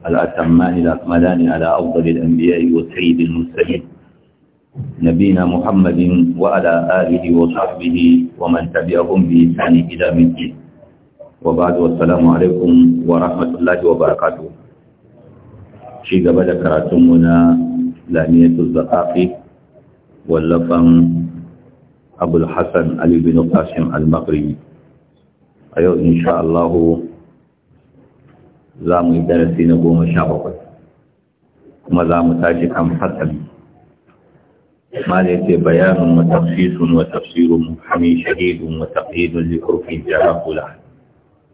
الأتمان الأكملان على أفضل الأنبياء وسيد المرسلين نبينا محمد وعلى آله وصحبه ومن تبعهم بإحسان إلى الدين وبعد والسلام عليكم ورحمة الله وبركاته شيء قبل كراتمنا لامية الزقاقي واللفن أبو الحسن علي بن قاسم المغربي أيوة إن شاء الله za mu yi darasi na goma sha bakwai kuma za mu tashi kan fasali malaita bayanin bayanun wa tafsisun wa tafsirun hami shahidun wa likurfin li urfi jarahula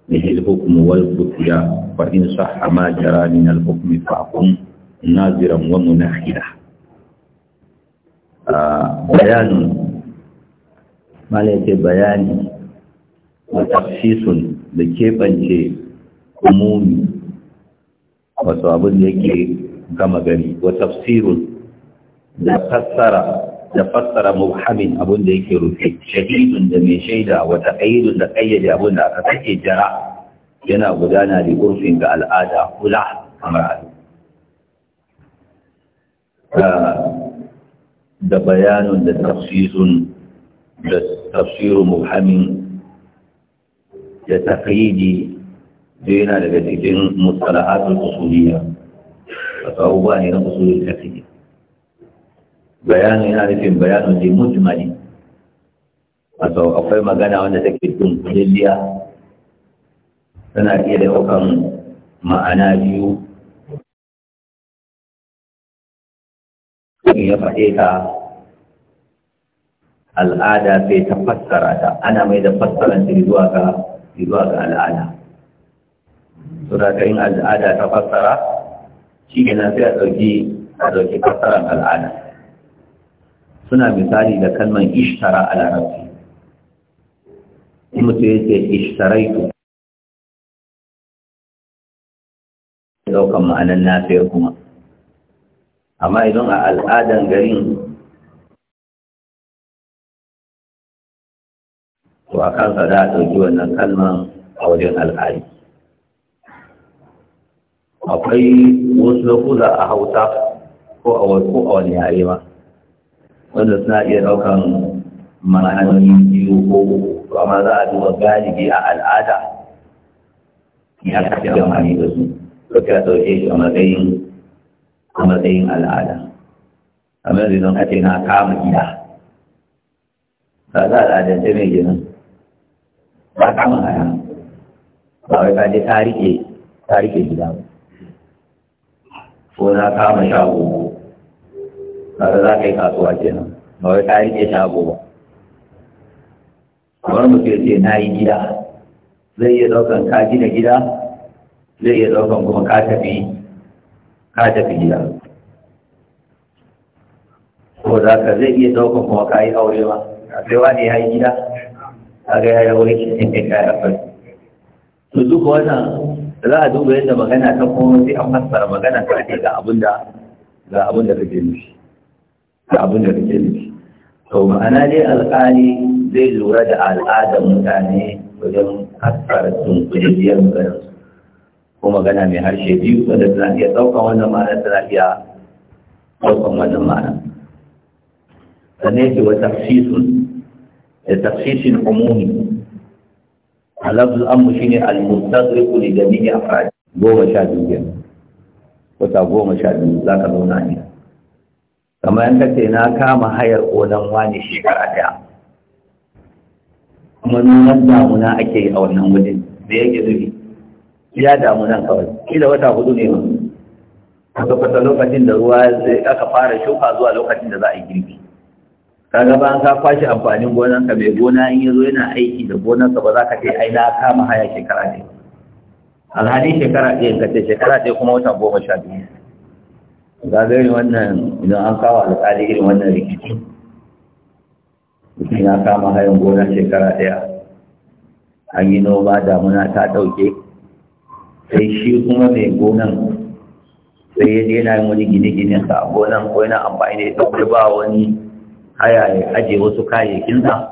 bihi al-hukm wal futya fa in sahha ma jara min al-hukm fa'kum naziran wa munahira ah, Bayanin, mala yace bayani wa sun da keɓance umumi wato abin da yake gama gari wa tafsirun da fassara da fassara muhammin abin da yake rufe shahidun da mai shaida wa taqayyidun da qayyade abin da aka sake jara yana gudana da urfin ga al'ada kula kamar al'ada ah, da bayanun da tafsirun da tafsirun muhammin da taqayyidi sai yana daga cikin mustalahatul usuliyya wato abubuwa ne na kusurin kafin bayanin yana nufin bayanin ne a wato akwai magana wanda take dunkuliya tana iya daukan ma'ana biyu ya faɗe ta al'ada sai ta fassara ta ana mai da fassaran ta zuwa ga al'ada to da yin al'ada ta fassara shi kenan sai a ɗauki a ɗauki fassarar al'ada suna misali da kalmar ishtara a larabci in mutum ya ce ya ɗaukan ma'anar nafiyar kuma amma idan a al'adan garin to a kansa za a ɗauki wannan kalmar a wajen al'adu akwai wasu lokuta a hausa ko a wani yare ma wanda suna iya ɗaukan ma'anoni biyu ko uku amma za a duba galibi a al'ada ya kashe amfani da su ko ka ɗauke shi a matsayin a matsayin al'ada amma yanzu don ake na kama gida ba za a al'adance mai ginin ba kama haya ba wai ka je ta rike gida ba ko na kama shago Kada za ka yi kasuwa kenan ba wai ka rike shago ba kamar mutum ya ce na yi gida zai iya daukan ka gina gida zai iya daukan kuma ka tafi ka tafi gida ko za ka zai iya daukan kuma ka yi aure ba a sai wani ya yi gida a ga ya yi aure shi ne ka yi aure su duka wannan za a duba yadda magana ta kuma sai an fassara magana ta ake ga abin da ga abin da kake nufi ga abin da kake nufi to ma'ana dai alƙali zai lura da al'adar mutane wajen fassara tunkuliyar maganar su ko magana mai harshe biyu wanda tana iya ɗaukan wannan ma'ana tana iya ɗaukan wannan ma'ana sannan yake wa tafsisun da tafsisin umumi alafzul amru shine al-mustadriku li a afrad goma sha biyu kenan wata goma sha biyu za ka zauna ne kamar yan kace na kama hayar onan wani shekara ɗaya. kuma nunan damuna ake yi a wannan wajen me yake zubi ya damunan kawai kila wata hudu ne ba a lokacin da ruwa aka fara shuka zuwa lokacin da za a yi girbi kaga ba an ka kwashi amfanin gonan ka mai gona in yazo yana aiki da gonan ka ba za ka ce ai na kama haya shekara ne alhali shekara ɗaya ka ce shekara ɗaya kuma wata goma sha biyu ga gari wannan idan an kawo alƙali irin wannan rikici mutum ya kama hayan gona shekara ɗaya an yi noma damuna ta ɗauke sai shi kuma mai gonan sai yana yin wani gine-ginen sa a gonan ko yana amfani da ita ba wani haya ya aje wasu kayayyakin sa,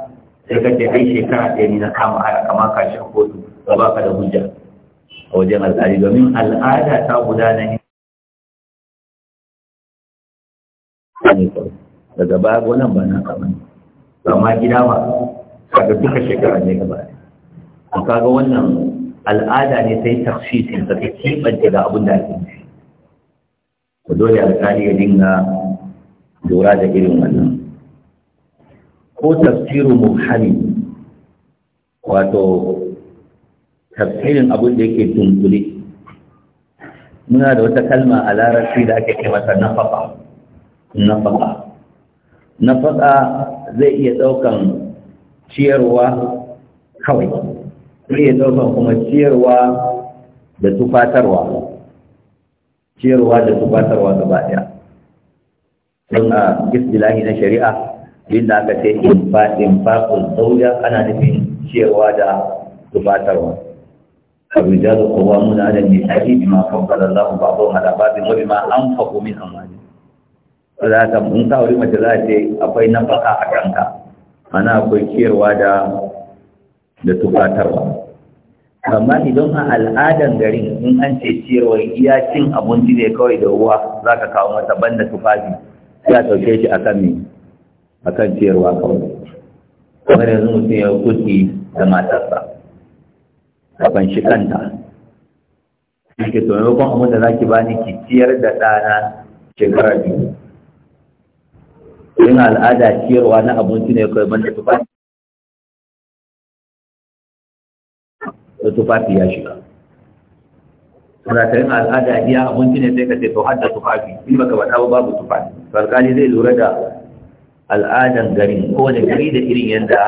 sai ka ce ai shekara ɗaya ne na kama haya kama ka shi kotu ba baka da hujja a wajen al'adu domin al'ada ta gudana ne daga baya gonan ba na kama ne ma gida ba kaga duka shekara ne gaba ɗaya kaga wannan al'ada ne ta yi tafsirin ta ta keɓance da abin da ake nufi dole alƙali ya dinga lura da irin wannan ko tafsiru muhali wato tafsirin abin da yake tunkule muna da wata kalma a larabci da ake ce masa nafaka nafaka nafaka zai iya ɗaukan ciyarwa kawai zai iya ɗaukan kuma ciyarwa da tufatarwa ciyarwa da tufatarwa gaba ɗaya don a istilahi na shari'a inda aka ce infa infaqul zawja ana nufin ciyarwa da tufatarwa الرجال قوامون على النساء بما فضل الله labarin على ma وبما انفقوا min amani za ta mun sa wuri mace za ce akwai nafaka a kanka ana akwai ciyarwa da da tufatarwa amma idan a al'adan garin in an ce ciyarwa iya cin abinci ne kawai da ruwa za ka kawo mata banda tufafi ya a ɗauke shi a kan a kan ciyarwa kawai kamar yanzu mutum ya kusi da matarsa a shi kanta yake to maimakon abin da ba bani ki ciyar da ɗana shekara biyu yin al'ada ciyarwa na abinci ne kawai da tufafi da tufafi ya shiga yin al'ada iya abinci ne sai ka ce to har da tufafi in baka faɗa ba babu tufafi alƙali zai lura da al'adan garin kowane gari da irin yadda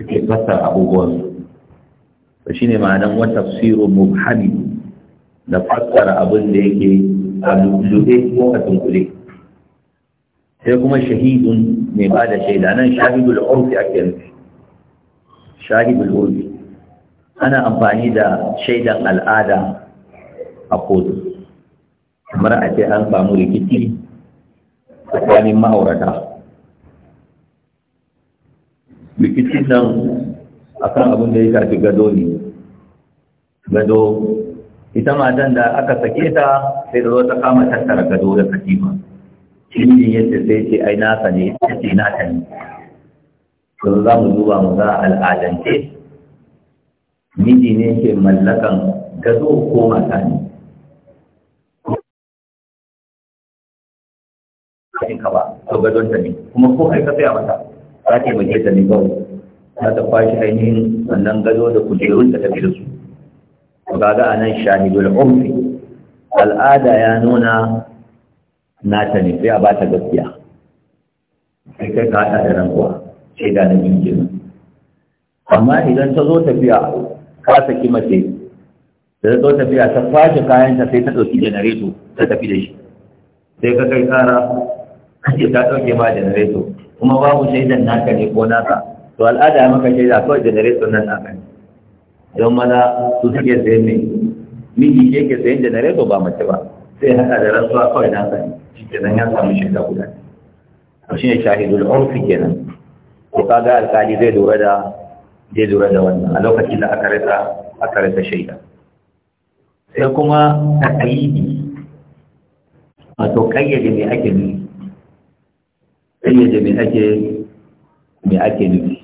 suke fassar su to shine ma'anan wa tafsiru mubhami da fassara abin da yake a lulluɗe ko a dunkule sai kuma shahidun mai ba da shaida nan shahidul urfi a kyan shahidul urfi ana amfani da shaidan al'ada a kotu kamar a ce an samu rikici tsakanin ma'aurata rikicin nan akan abin da ya shafi gado ne gado ita matan da aka sake ta sai da zo ta kama tattara gado da katifa cikin yadda sai ce ai nasa ne ta ce nata ne to za mu duba mu za al'adance miji ne ke mallakan gado ko mata ne ka ba to gadonta ne kuma ko kai ka saya mata ta taimake ta ne kawai za ta kwashi ainihin wannan gado da kujerun da tafi da su ga a nan shahidul umfi al'ada ya nuna na ne sai a ba ta gaskiya sai kai ka da rankuwa da na jinjin amma idan ta zo tafiya ka saki mace da ta zo tafiya ta kwashe kayanta sai ta ɗauki janareto ta tafi da shi sai ka kai kara ce ta ɗauke ma janareto kuma babu shaidan naka ne ko naka to al'ada maka shaida kawai generator nan naka ne don maza su suke sayan ne. miji ke ke sayan generator ba mace ba sai haka da rantsuwa kawai naka ne shi ke ya samu shaida guda to shi ne shahidul urfi kenan ko kaga alkali zai lura da zai lura da wannan a lokacin da aka rasa aka rasa shaida sai kuma taƙayyidi wato kayyade mai ake nufi ƙayyaje me ake me ake nufi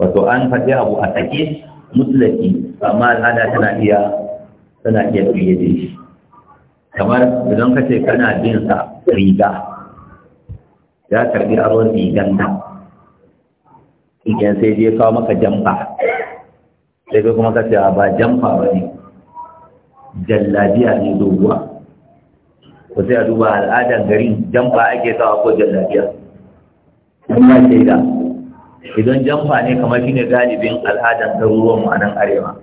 wato an faɗi abu a take mutlaki amma al'ada tana iya tana iya ƙayyade shi kamar idan ka ce kana bin sa riga ya karbi aron rigan ka idan sai je kawo maka jamfa sai ka kuma ka ce ba jamfa ba ne jallabiya ne doguwa ko sai a duba al'adan garin jamfa ake sawa ko jallabiya Allah da idan jamfa ne kamar shine galibin al'adar garuruwan mu a nan arewa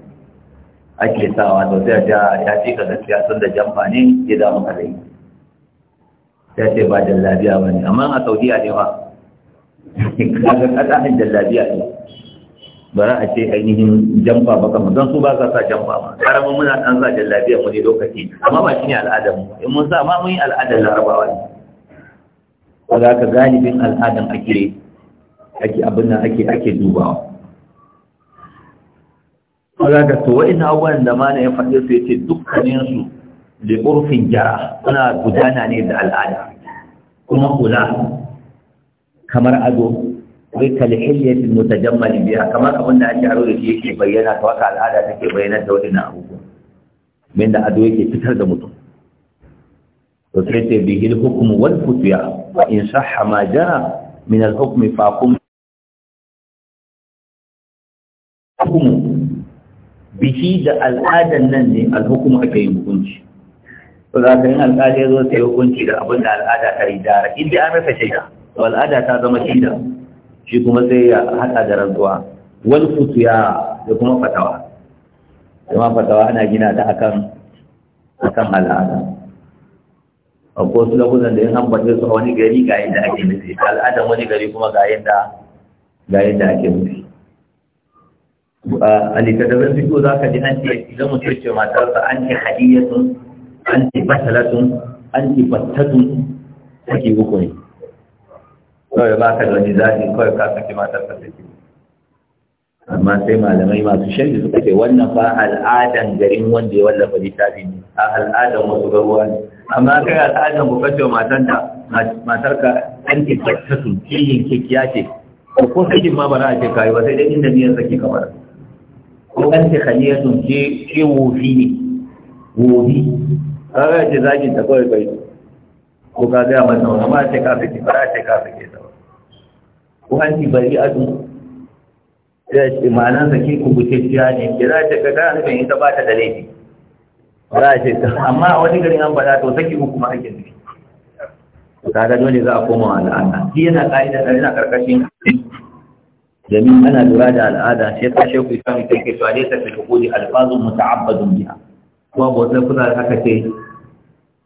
ake sawa to sai ta ah, ya ce ka gaskiya sun da jamfa ne ya da muka rai sai ce ba da ba bane amma a Saudiya ne ba kaga kada hin lafiya ne za a ce ainihin jamfa ba kama, don su ba sa sa jamfa ba. karamin muna dan sa lafiya mu ne lokaci amma ba shine al'adar mu in mun sa ma mun yi al'adar larabawa ne za ka galibin al'adan ake ake abin ake ake dubawa ba za ka to ina abubuwan da mana ya faɗi su ya ce dukkaninsu da ƙurfin jara suna gudana ne da al'ada kuma kula kamar ado wai kalhiliyatul mutajammal biya kamar abin da ake aro da shi yake bayyana ta wata al'ada take bayyana da wadannan abubuwa min da ado yake fitar da mutum to sai ce bihil hukum wal futya wa in sahha ma jaa min al hukm fa kum hukumu. bihi da al'adan nan ne al hukum ake yin hukunci to za ka yin ya zo sai hukunci da abin da al'ada ta yi dara inda an rasa shaida to al'ada ta zama shaida shi kuma sai ya haɗa da rantsuwa wal futya da kuma fatawa kuma fatawa ana gina ta akan akan al'ada a ko su lagunan da yin ambace su a wani gari ga yadda ake nufi al'adan wani gari kuma ga yadda ga yadda ake nufi a littattafin fito za ka ji an ce idan mutum ce matarsa an ce hadiyyatun an ce batalatun an ce batatun take uku ne kawai ba ka da wani zafi kawai ka saki matarsa take amma sai malamai masu shaidu suka ce wannan ba al'adan garin wanda ya wallafa littafi ne a al'adan wasu garuwa ne amma kai al'adar ku kace matan da matar ka an ke ta su kiyin kekiya ce ko ko sai ma bara a ce kai ba sai dai inda niyyar sake kamar ko an ce khaliyatun ke ke wofi ne wofi kaga ce zakin ta kawai bai ko ka ga mata amma ce ka ki ba ce ka ke ta ko an ce bari adu ya sake ku ke kubutacciya ne kira ta ka ga an ita ba ta da laifi za a ce amma a wani garin an faɗa to saki uku kuma ake nufi kaga dole za a koma wa al'ada shi yana ƙa'ida da yana ƙarƙashin domin ana lura da al'ada sai ka sheku islam ita ke cewa laysa fil uqudi alfazun muta'abbadun biha kuma ba wasu kuna da haka ce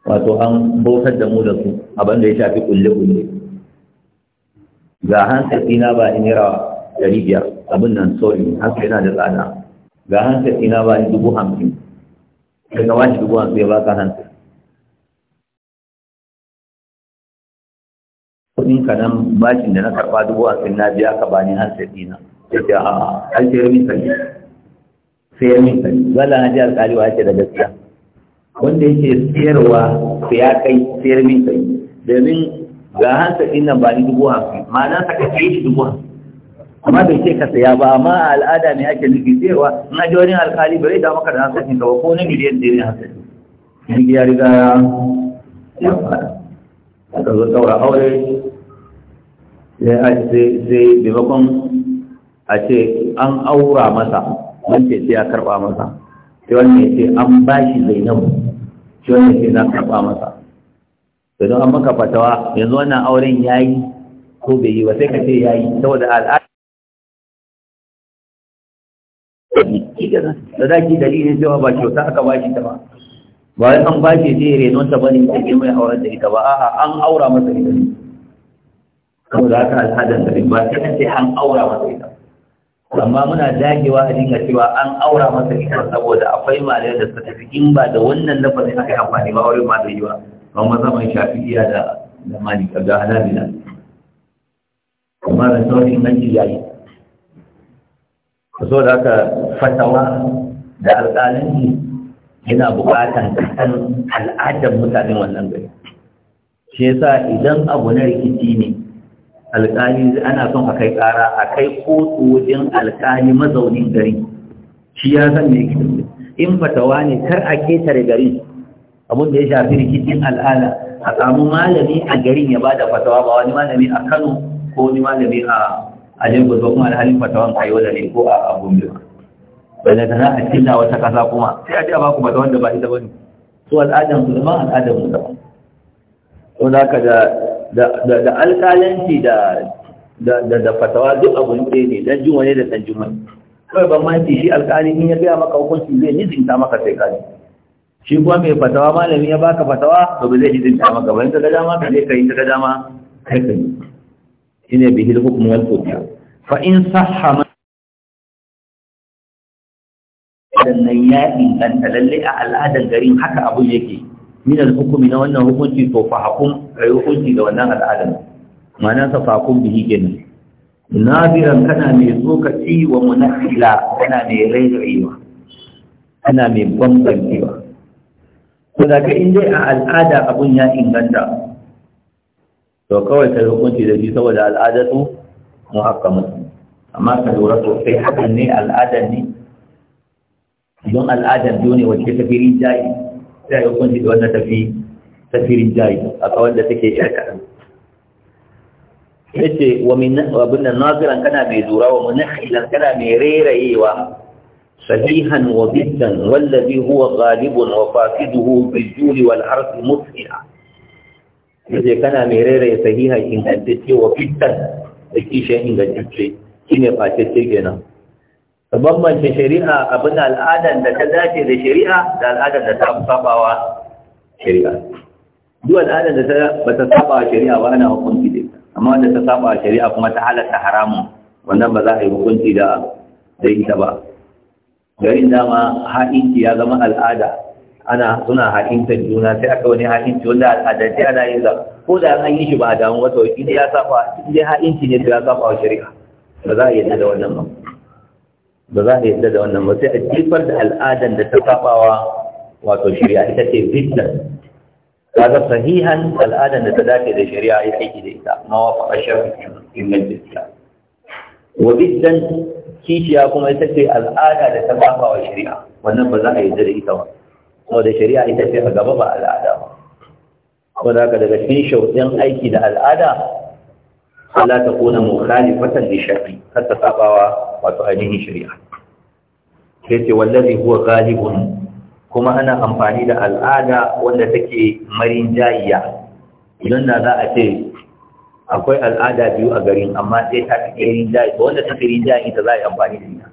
wato an bautar da mu da su abin da ya shafi kulle kulle ga hansa na ba ni naira dari biyar abin nan sori hansa yana da tsada ga hansa na ba ni dubu hamsin daga washi dubu hamsin ya baka hamsin kuɗin ka nan bashin da na karɓa dubu hamsin na biya ka ba ni hamsin ya ce a har sai ya min kari sai ji alkali wa ce da gaskiya wanda yake siyarwa ya kai sayar min kari domin ga hansa ɗin nan ba ni dubu amma bai ce ka saya ba amma a al'ada ne ake nufi cewa na ji wani alkali bai da maka da na sakin ba ko na miliyan da ne hasakin ni ya riga ya fara aka zo saura aure sai maimakon a ce an aura masa wance sai ya karɓa masa sai wani ya ce an bashi zainabu shi wani sai na karɓa masa sai don an maka fatawa yanzu wannan auren ya yi ko bai yi ba sai ka ce ya yi saboda al'ada sadaki dalilin cewa ba kyauta aka bashi ta ba ba an bashi zai renonta ta ne, ta ke mai auren da ita ba a'a an aura masa ita ne kawai za ka al'adar da ba sai an ce an aura masa ita amma muna dagewa a dinga cewa an aura masa ita saboda akwai malai da suka tafi in ba da wannan lafazin aka yi amfani ba auren ma da yiwa ba zama mai shafi'iya da da malika ga na amma da nan ji yayi so da aka fatawa da alƙalanci yana buƙatan kasan al'adar mutane wannan gari shi yasa idan abu na rikici ne alƙali ana son a kai ƙara a kai kotu wajen alƙali mazaunin gari shi ya san me yake in fatawa ne kar a ketare gari abin da ya shafi rikicin al'ada a samu malami a garin ya bada fatawa ba wani malami a Kano ko wani malami a jirgin ko kuma alhalin fatawan a Yola ne ko a Gombe wanda ta na a cikin wata kasa kuma sai a ba ku bata mata wanda ba ita bane su al'adan su zama al'adan mu zama ko da ka da da alƙalanci da da da fatawa duk abu ne ne dan juma ne da dan juma kai ban ma shi alƙali in ya ga maka hukunci zai nizinta maka sai kai shi kuma mai fatawa malami ya baka fatawa to ba zai nizinta maka ba in ka ga dama ka je kai ka ga dama kai kai shine bihi hukmu wal futiya fa in sahha al'adar nan ya inganta a al'adar garin haka abu yake min al-hukumi na wannan hukunci to fa hakum kai hukunci da wannan al'adar ma'ana sa fa hukum bihi kenan nabiran kana mai tsokaci wa munafila kana mai rairayewa kana mai bambancewa ko da ka in dai a al'ada abun ya inganta to kawai kai hukunci da shi saboda al'adatu muhakkamu amma ka lura sosai hakan ne al'adar ne idan al'adar biyu ne wacce ta firin jayi sai ya hukunci da wannan tafi ta firin jayi a kawar da take iya kaɗan ya ce wa abin da naziran kana mai zura wa munakhilan kana mai rerayewa sahihan wa biddan wallazi huwa ghalibun wa fasiduhu bil juli wal harfi mutfi'a yace kana mai rere sahiha ingantacce wa fitan da kishin ingantacce shine fatacce kenan sabon bambance shari'a abin al'adar da ta dace da shari'a da al'adar da ta sabawa shari'a duk al'adar da ta ba ta sabawa shari'a ba ana hukunci da ita amma wanda ta sabawa shari'a kuma ta halatta haramun wannan ba za a yi hukunci da da ita ba garin dama ha'inci ya zama al'ada ana suna ha'intar juna sai aka wani ha'inci wanda al'adance ana yin za ko da an yi shi ba a damu wata wakili ya saba in ha'inci ne to ya saba shari'a ba za a yi da wannan ba ba za a yadda da wannan ba sai a jifar da al'adan da ta sabawa wato shari'a ita ce fitnan ga sahihan al'adan da ta dace da shari'a ya aiki da ita ma wa faɗa shari'a inganci ta wa biddan kishiya kuma ita ce al'ada da ta saba shari'a wannan ba za a yadda da ita ba saboda shari'a ita ce a gaba ba al'ada ba saboda ka daga cikin shauɗin aiki da al'ada Allah ta kona mukhalifatan li shar'i kar ta sabawa wato ainihin shari'a sai ce wallazi huwa ghalibun kuma ana amfani da al'ada wanda take marin jayiya idan da za a ce akwai al'ada biyu a garin amma sai ta fi rinjaye ba wanda ta fi rinjaye ita za a yi amfani da ita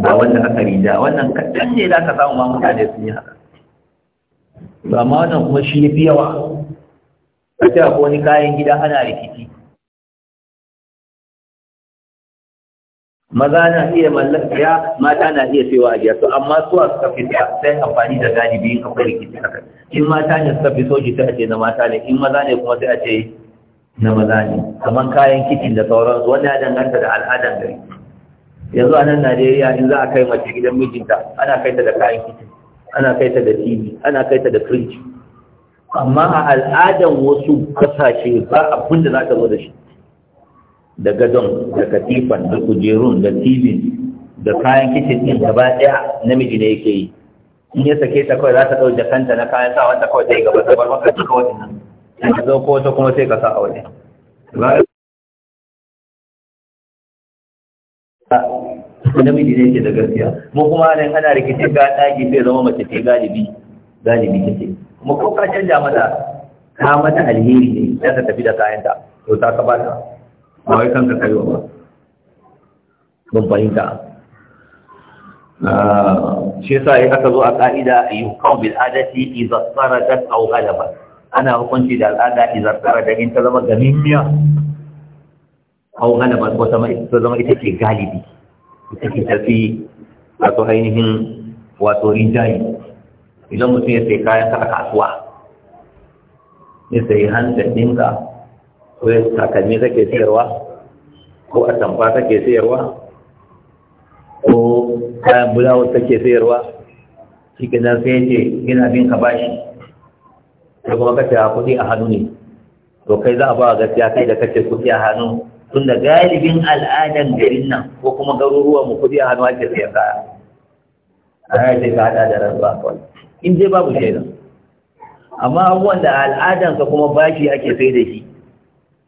ba wanda aka rinjaye wannan kaɗan ne za ka samu ma mutane sun yi haka to amma wannan kuma shi fi yawa a ce akwai wani kayan gida ana rikici maza na iya mallaka mata na iya cewa a biya to amma su a suka fi sai amfani da galibi in akwai rikici haka in mata ne suka fi soji ta ce na mata ne in maza ne kuma sai a ce na maza ne kamar kayan kicin da sauransu wanda ya danganta da al'adan gari yanzu a nan najeriya in za a kai mace gidan mijinta ana kai ta da kayan kicin ana kai ta da tv ana kai ta da fridge amma a al'adan wasu kasashe ba abin da za ka zo da shi da gadon da katifan da kujerun da tibin da kayan kicin ɗin gaba ɗaya namiji ne yake yi in ya sake ta kawai za ta ɗau kanta na kayan sa wanda kawai ta yi gaba ta bar maka duka wani nan in ka zo ko wata kuma sai ka sa a wani namiji ne ke da gaskiya mu kuma ne ana rikici ga ɗaki sai zama mace ce galibi galibi ta kuma ko ka canja mata ka mata alheri ne za ta tafi da kayanta to ta ka ba ta ba wai kanka kaiwa ba babban da ah, shi yasa ya aka zo a ka'ida yuqam bil adati idza saradat aw ghalabat ana hukunci da al'ada idza saradat in ta zama gamimmiya aw ghalabat ko ta zama ita ce galibi ita ce tafi wato ainihin wato rinjaye idan mutum ya sai kayan sa a kasuwa ya sai hanta ɗinka ko takalmi take sayarwa ko atamfa take sayarwa ko kayan bulawar take sayarwa shi kenan sai ce yana bin ka bashi da kuma kace a kuɗi a hannu ne to kai za a ba gaskiya kai da kace kuɗi a hannu tun da galibin al'adan garin nan ko kuma garuruwa mu kuɗi a hannu ake sayar kaya ana ce ka hada da rantsuwa kawai in dai babu shaidan amma abubuwan da al'adansa kuma bashi ake sai da shi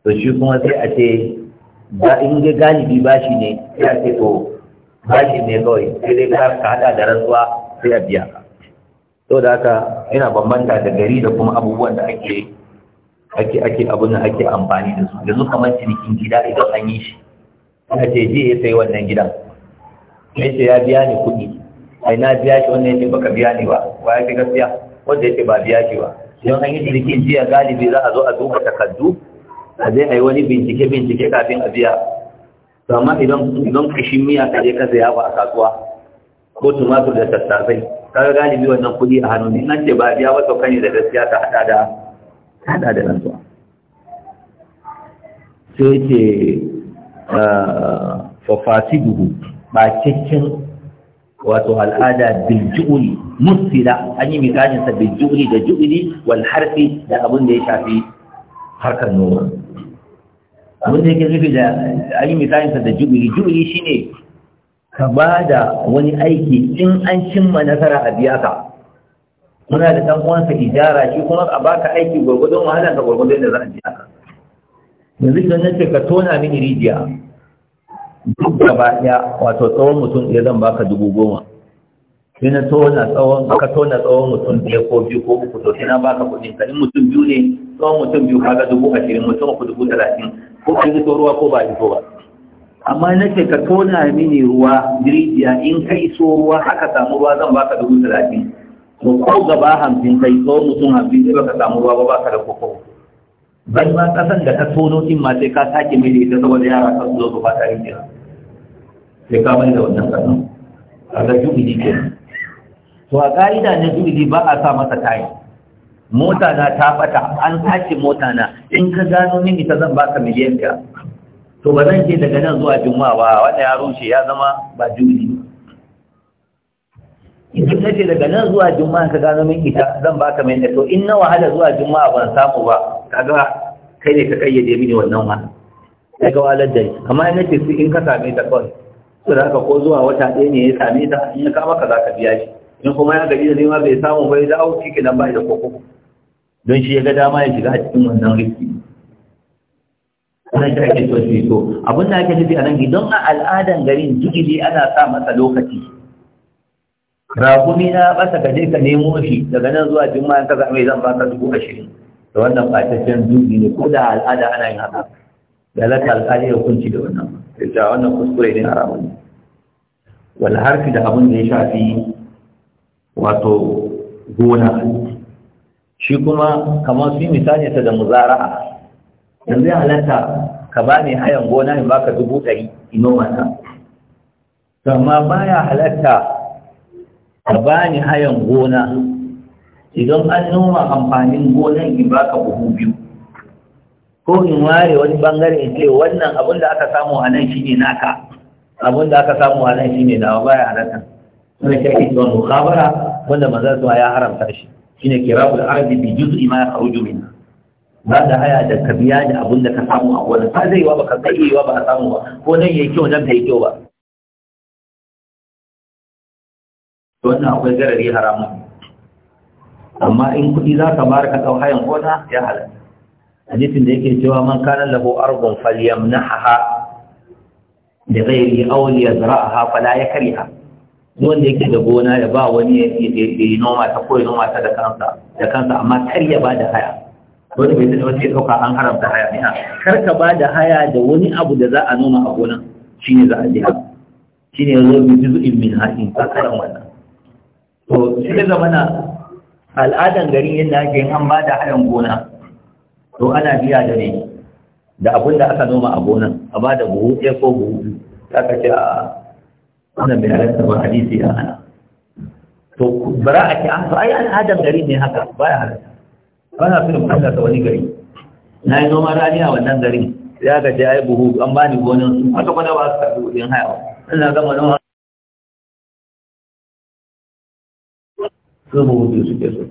to shi kuma sai a ce ba in ga galibi bashi ne sai a ce to shi ne kawai sai dai ka hada da rantsuwa sai a biya ka to da haka yana bambanta da gari da kuma abubuwan da ake ake ake abin da ake amfani da su yanzu kamar cinikin gida idan an yi shi a ce je ya sai wannan gidan ya ce ya biya ni kuɗi ai na biya shi wannan ne baka biya ni ba wa ya fi gaskiya wanda ya ce ba biya shi ba don an yi cinikin jiya galibi za a zo a duba takardu a zai a yi wani bincike bincike kafin a biya to amma idan kashin miya ka je ka saya ba a kasuwa ko tumatur da tattasai kaga galibi wannan kuɗi a hannu nan ce ba a biya ba kane da gaskiya ta hada da hada da rantsuwa sai ce ah, ba cikin wato al'ada bilju'uli musila an yi misalinsa bilju'uli da ju'uli wal harfi da abin da ya shafi harkar noma abin da yake nufi da an yi misalinsa da jubili jubili shine ka ba da wani aiki in an cimma nasara a biya ka muna da ɗan uwansa ijara shi kuma a baka aiki gwargwadon wahalar ka gwargwadon da za a biya ka yanzu idan na ce ka tona mini rijiya duk gaba ɗaya wato tsawon mutum ɗaya zan baka dubu goma sai na tona tsawon ka tona tsawon mutum biyu ko biyu ko uku to sai na baka kuɗin ka in mutum biyu ne tsawon mutum biyu kaga dubu ashirin mutum uku dubu talatin ko an fito ruwa ko ba a fito ba amma na ce ka tona mini ruwa dirijiya in ka iso ruwa haka samu ruwa zan baka dubu talatin to ko gaba hamsin kai tsawon mutum hamsin sai baka samu ruwa ba baka da koko bai ma kasan da ka tono din ma sai ka sake mai da ita saboda yara ka zo su fata rijiya sai ka mai da wannan kasan a ga jubi ne kenan to a ƙa'ida na juzi ba a sa masa tayi mota na ta bata an sace mota na in ka gano min ita zan baka miliyan ka to ba zan ce daga nan zuwa juma'a ba wanda ya rushe ya zama ba juzi in ka ce daga nan zuwa juma'a ka gano min ita, zan baka miliyan to in na wahala zuwa juma'a ban samu ba kaga kai ne ka kayyade mini wannan wahala daga wahalar da kamar ina ce su in ka same ta kawai su da haka ko zuwa wata ɗaya ne ya same ta in ya kama ka za ka biya shi in kuma ya gaji da nema bai samu bai da auki nan bai da koko don shi ya ga dama ya shiga a cikin wannan riski wannan shi ake so shi so abin da ake nufi a nan idan a al'adan garin jigili ana sa masa lokaci rakumi na ɓasa ka je ka nemo shi daga nan zuwa juma'a ka zama zan baka dubu ashirin da wannan ɓataccen dubi ne ko da al'ada ana yin haka da zaka alƙali ya kunci da wannan da wannan kuskure ne a haramun wani harfi da abin da ya shafi wato gona shi kuma kamar su misali ta da muzara'a yanzu ya halatta ka ba ne hayan gona in baka dubu ɗari in noma ta ba baya halatta ka ba ne hayan gona idan an noma amfanin gonan in baka buhu biyu ko in ware wani bangare in ce wannan abin da aka samu a nan shine naka abin da aka samu a nan shine nawa baya halatta wannan ta ake cewa mukhabara wanda maza su ya haramta shi shine kirabul arabi bi juz'i ma yakhruju na? ba da haya da ka biya da abun da ka samu a wannan, ta zai wa baka kai wa ba samu ba ko nan yi kyau nan bai kyau ba wannan akwai garari haramun amma in kuɗi za ka bar ka ɗau hayan gona ya halatta hadisin da yake cewa man kana lahu ardun falyamnaha bi ghairi aw liyazra'aha fala yakriha wanda yake da gona ya ba wani ya yi noma ta koyi ya noma ta da kansa da kansa amma kar ya ba da haya wani mai sani wata ya ɗauka an haramta haya ne kar ka ba da haya da wani abu da za a noma a gonan shine za a Shi shine zo bi in min haƙin a karan wannan to shi da zamana al'adan garin yadda ake yin an ba da hayan gona to ana biya da ne da abin da aka noma a gonan a ba da buhu ɗaya ko buhu biyu aka ce a wannan bai halatta ba hadisi ya hana to bara a ce ah, an so ai al'adar gari ne haka ba ya halatta ba na firin ta wani gari na yi noman rani a wannan gari. ya ga ya yi buhu an bani gonan su haka kwana ba su karbi kudin hayawa ina gama noma sun buhu biyu suke so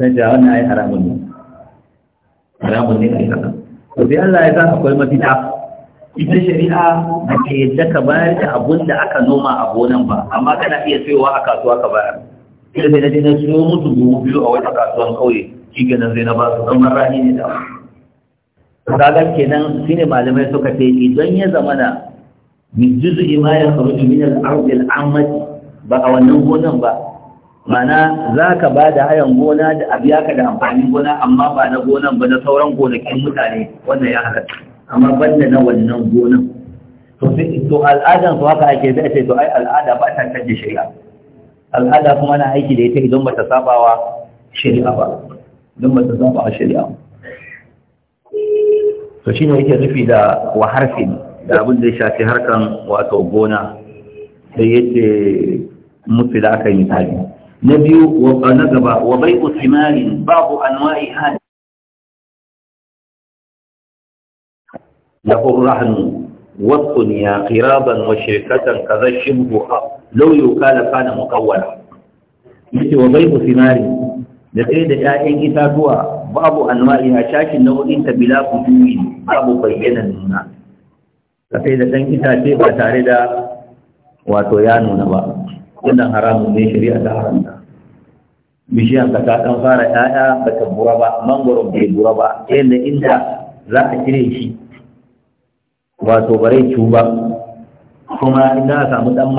sai da wannan ai haramun ne haramun ne a yi haka to sai Allah ya sa akwai mafita ita shari'a ba ta yadda ka bayar da abun da aka noma a gonan ba amma kana iya sayowa a kasuwa ka bayar ita da na siyo musu dubu biyu a wata kasuwan kauye shi ke nan zai na ba su don rani ne da kaga kenan shi ne malamai suka ce idan ya na. min su ma yakhruju min al minar ba a wannan gonan ba mana za ka ba da hayan gona da abiya ka da amfanin gona amma ba na gonan ba na sauran gonakin mutane wannan ya halatta amma banda na wannan gonan to al'adan su haka ake zai ce to ai al'ada ba ta canje shari'a al'ada kuma na aiki da ita idan ba ta sabawa shari'a ba idan ba ta sabawa shari'a to shi ne yake nufi da waharfin da abin da ya shafi harkan wato gona sai yace mutu da aka yi misali na biyu na gaba wa bai'u simarin babu anwa'i hali له الرهن والدنيا قرابا وشركة كذا الشبه لو يقال كان مقولا yace wa bai'u simari da sai da ƴaƴan itatuwa babu anwa'i a shakin nau'in ta bila kujuri babu bayyana nuna ka da ɗan itace ba tare da wato ya nuna ba wannan haramun ne shari'a ta haramta bishiya ta ɗan fara ƴaƴa ba ta ba mangoro ba yadda inda za a kire shi wato bare ba. kuma idan a samu dan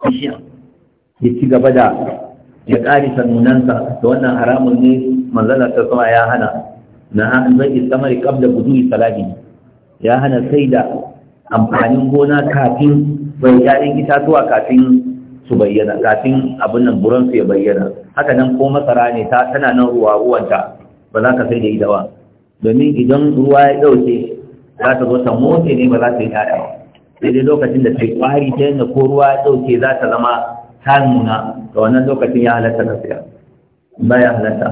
mashiya ya ci gaba da ya ƙari sanunansa da wannan haramun ne Manzana ta sama ya hana na hannun zai isamari da gudu salami ya hana sai da amfanin gona kafin bai yayin itatuwa kafin su bayyana kafin abin nan buransu ya bayyana haka nan ko masara ne ta tana nan ruwa ruwanta ba za ka sai da ita ba domin idan ruwa ya ɗauke za ta zo ta motsi ne ba za ta yi ƴaƴa ba sai dai lokacin da ta yi ƙwari ta yadda ko ruwa ya ɗauke za ta zama ta nuna da wannan lokacin ya halatta na siya ba ya halatta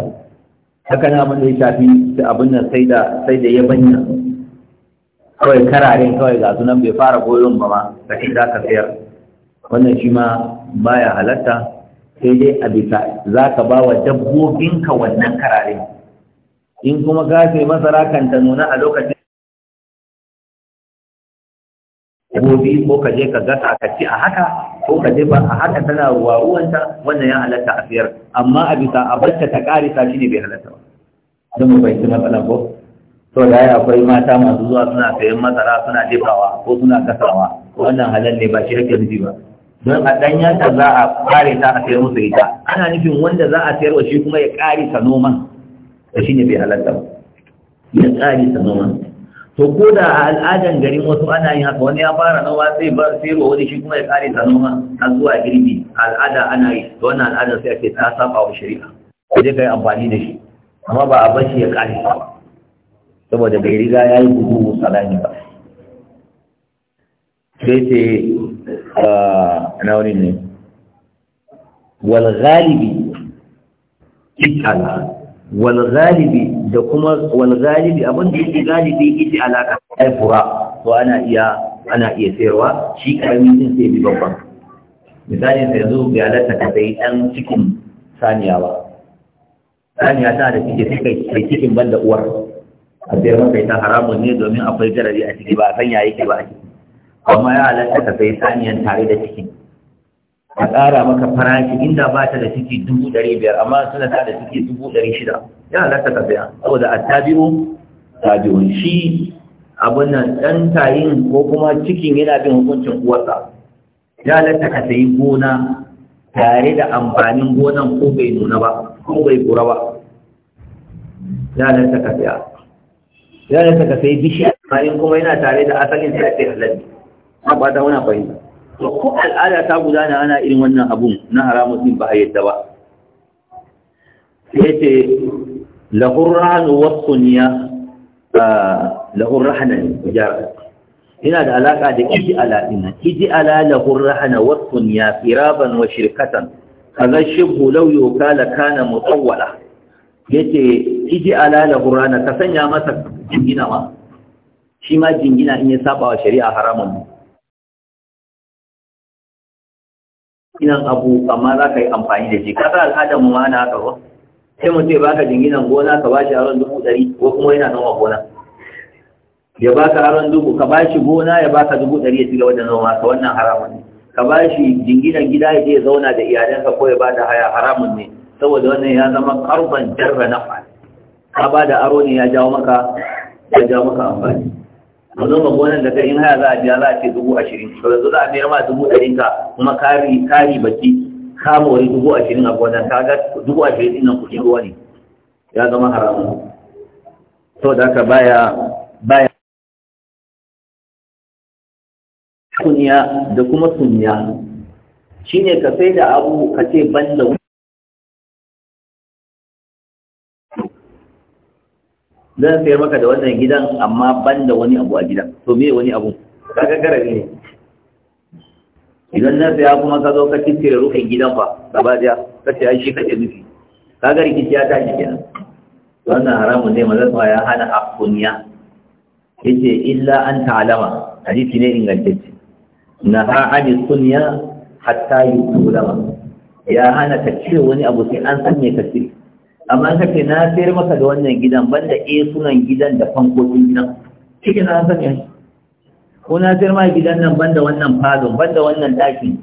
haka na abin da ya shafi abin nan sai da sai da ya banya kawai kararen kawai ga sunan bai fara goyon ba ma ka ce za ka sayar wannan shi ma ba ya halatta sai dai a bisa za ka ba wa dabbobinka wannan kararen in kuma gafe masara kan ta nuna a lokacin gobi ko ka je ka gasa ka ci a haka ko ka je ba a haka tana ruwa ruwanta wannan ya halatta a siyar amma a bisa a bacce ta karisa shi ne bai halatta ba don mu fahimci matsala ko to da ya akwai mata masu zuwa suna sayan masara suna jefawa ko suna gasawa wannan halal ne ba shi ake ji ba don a ɗanyanta za a kare ta a sayar musu ita ana nufin wanda za a sayarwa shi kuma ya karisa noman da shi ne bai halatta ba ya tsari ta noma to ko da a al'adan garin wasu ana yin haka wani ya fara noma sai ba sai ba wani shi kuma ya tsari ta noma a zuwa girbi al'ada ana yi to wannan al'adar sai ake ta saba wa shari'a ko dai kai amfani da shi amma ba a bashi ya kare ba saboda bai riga ya yi gudu salami ba sai ce ah, na wani ne wal galibi ikala wal galibi da kuma wal abin da yake galibi ita alaka ai fura to ana iya ana iya sayarwa shi karamin din sai bi babban misali sai yanzu bi alaka ta sai dan cikin saniyawa saniya ta da cike sai kai cikin banda uwar a sayar maka ita haramun ne domin akwai garari a ciki ba san ya yake ba a ciki amma ya alaka ta sai saniyan tare da cikin a ƙara maka farashi inda ba ta da ciki dubu ɗari biyar amma suna ta da ciki dubu ɗari shida ya halatta ka biya saboda a tabi'u tabi'u shi abin nan ɗan tayin ko kuma cikin yana bin hukuncin uwarsa ya halatta ka sayi gona tare da amfanin gonan ko bai nuna ba ko bai kura ba ya halatta ka saya ya halatta ka sayi bishiya Amfanin kuma yana tare da asalin sai a sai halatta ba ta wani fahimta to ko al'ada ta gudana ana irin wannan abun na haramun din ba a yadda ba sai ce lahurrahanu wasuniya lahurrahanan jara yana da alaka da iji'ala ina iji'ala lahurrahana wasuniya firaban wa shirkatan kaza shibhu law yukala kana mutawwala yace iji'ala lahurrana ka sanya masa jingina ma shi ma jingina in ya saba wa shari'a haramun ginan abu amma za ka yi amfani da shi ka sa al'adar mu ma haka ba sai mu ce baka jinginan gona ka ba shi aron dubu ɗari ko kuma yana noma gona ya baka aron dubu ka ba shi gona ya baka dubu ɗari ya shiga wajen noma ka wannan haramun ne ka ba shi jinginan gida ya je ya zauna da iyalansa ko ya ba da haya haramun ne saboda wannan ya zama karban jarra nafa ka ba da aro ne ya jawo maka ya jawo maka amfani mu zo gonan da kai in haya za a biya za a ce dubu ashirin to yanzu za a biya ma dubu ɗari ka kuma kari kari baki kama wani dubu ashirin a gonan ka ga dubu ashirin ɗin nan kuɗin ruwa ne ya zama haramun to da haka baya baya kunya da kuma sunya shine ka sai da abu ka ce ban da zan sayar maka da wannan gidan amma ban da wani abu a gidan to me wani abu kaga garabi ne idan na saya kuma ka zo ka ciccire rufin gidan fa gaba daya ka ce ai shi ce nufi kaga rikici ya tashi kenan wannan haramun ne ma ya hana hakunya yace illa an ta'lama hadisi ne ingantacce ha ani sunya hatta yutulama ya hana ka ce wani abu sai an san me ka cire amma ka ce na sayar maka da wannan gidan banda eh sunan gidan da fankokin gidan Cike na san ya ko na sayar maka gidan nan banda wannan falon banda wannan ɗakin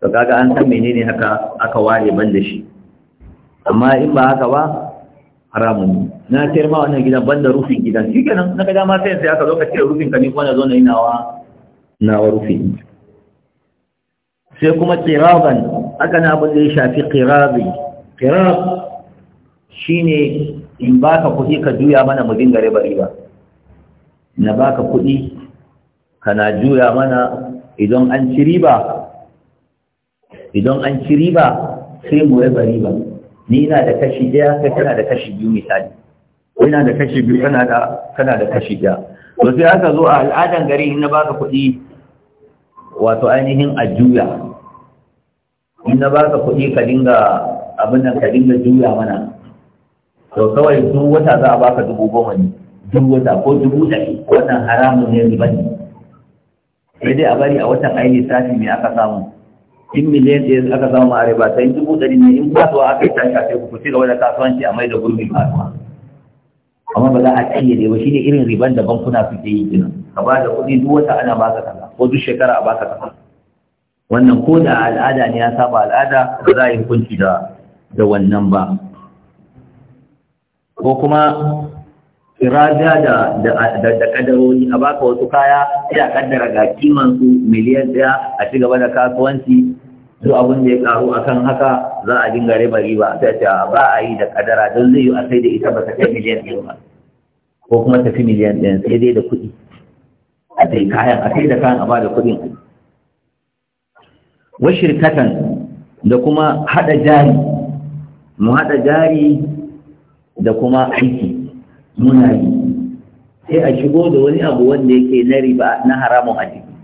to kaga an san menene haka aka ware banda shi amma in ba haka ba haramun na sayar ma wannan gidan banda rufin gidan shi nan na ga dama sai sai aka zo ka cire rufin ka ne kuma na zo na yi nawa nawa rufin sai kuma qiraban haka na abin da ya shafi qirabi qirab shine in baka kuɗi ka juya mana mu dinga riba riba na baka kuɗi kana juya mana idan an ci riba idan an ci riba sai mu riba riba ni ina da kashi ɗaya kai kana da kashi biyu misali ina da kashi biyu kana da kana da kashi ɗaya to sai aka zo a al'adan gari in na baka kuɗi wato ainihin a juya in na baka kuɗi ka dinga abin nan ka dinga juya mana to kawai su wata za a baka dubu goma ne duk wata ko dubu ɗari wannan haramun ne riba ne sai dai a bari a watan ai lissafi me aka samu in miliyan ɗaya aka samu ma ba sai dubu ɗari ne in kasuwa aka yi tashi a sai ku kuci gaba da kasuwanci a mai da gurbin kasuwa amma ba za a ƙayyade ba ne irin riban da bankuna suke yi kenan ka ba da kuɗi duk wata ana baka kaza ko duk shekara a baka kaza wannan ko da al'ada ne ya saba al'ada ba za a yi hukunci da da wannan ba ko kuma iraja da da kadaroni a baka wasu kaya sai a kaddara ga kiman su miliyan daya a ci gaba da kasuwanci to abin da ya karu akan haka za a dinga riba riba sai ta ba a yi da kadara don zai yi a sai da ita ba ta kai miliyan ɗaya ba ko kuma tafi miliyan ɗaya sai dai da kuɗi a sai kayan a sai da kayan a ba da kuɗin wa shirkatan da kuma haɗa jari mu haɗa jari da kuma aiki muna yi sai a shigo da wani abu wanda yake na riba na haramun a jiki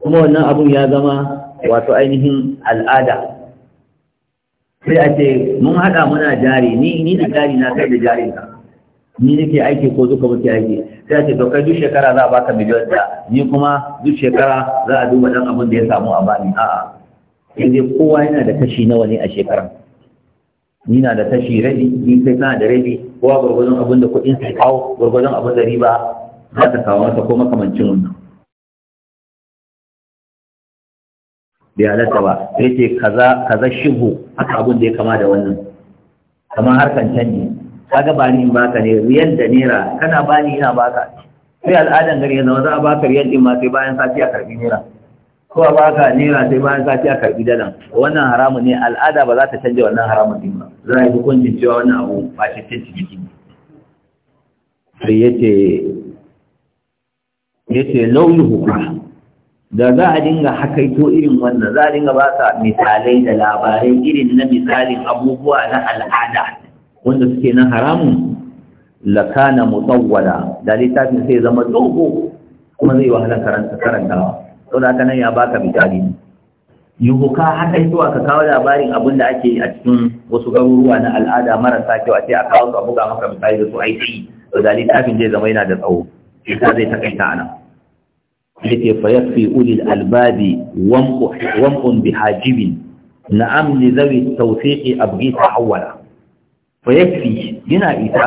kuma wannan abun ya zama wato ainihin al'ada sai a ce mun haɗa muna jari ni ni da jari na kai da jari ka. ni nake aiki ko duka muke aiki sai a ce to duk shekara za a baka miliyan da ni kuma duk shekara za a duba dan abin da ya samu a bani a'a in dai kowa yana da kashi nawa ne a shekaran ni na da tashi rabi ni kai na da rabi kowa gurgurun abin da kuɗin sai kawo gurgurun abin da riba za ta kawo masa ko makamancin wannan bi halatta ba sai ce kaza kaza shigo haka abin da ya kama da wannan kamar harkan canji kaga ba ni in baka ne riyal da naira kana bani ina baka sai al'adan gari ya zama za a baka riyal din ma sai bayan sati a karbi naira ko ba ka nera sai bayan sati a karbi dalan wannan haramun ne al'ada ba za ta canje wannan haramun din ba za a yi hukuncin cewa wannan abu ba shi cin ciniki sai yace yace lauyi hukuma da za a dinga hakaito irin wannan za a dinga ba ka misalai da labarai irin na misalin abubuwa na al'ada wanda suke nan haramun lakana mutawwala da littafin sai zama dogo kuma zai wahala karanta karantawa to da nan ya baka misali yuhuka har kai zuwa ka kawo labarin abin da ake yi a cikin wasu garuruwa na al'ada marasa kyau a ce a kawo su a buga maka misali da su aiki to da littafin zai zama yana da tsawo ita zai takaita a nan yake fa yakfi ulil albabi wamqun bi hajibin na'am li zawi tawfiqi abghi tahawwala fa yakfi yana ita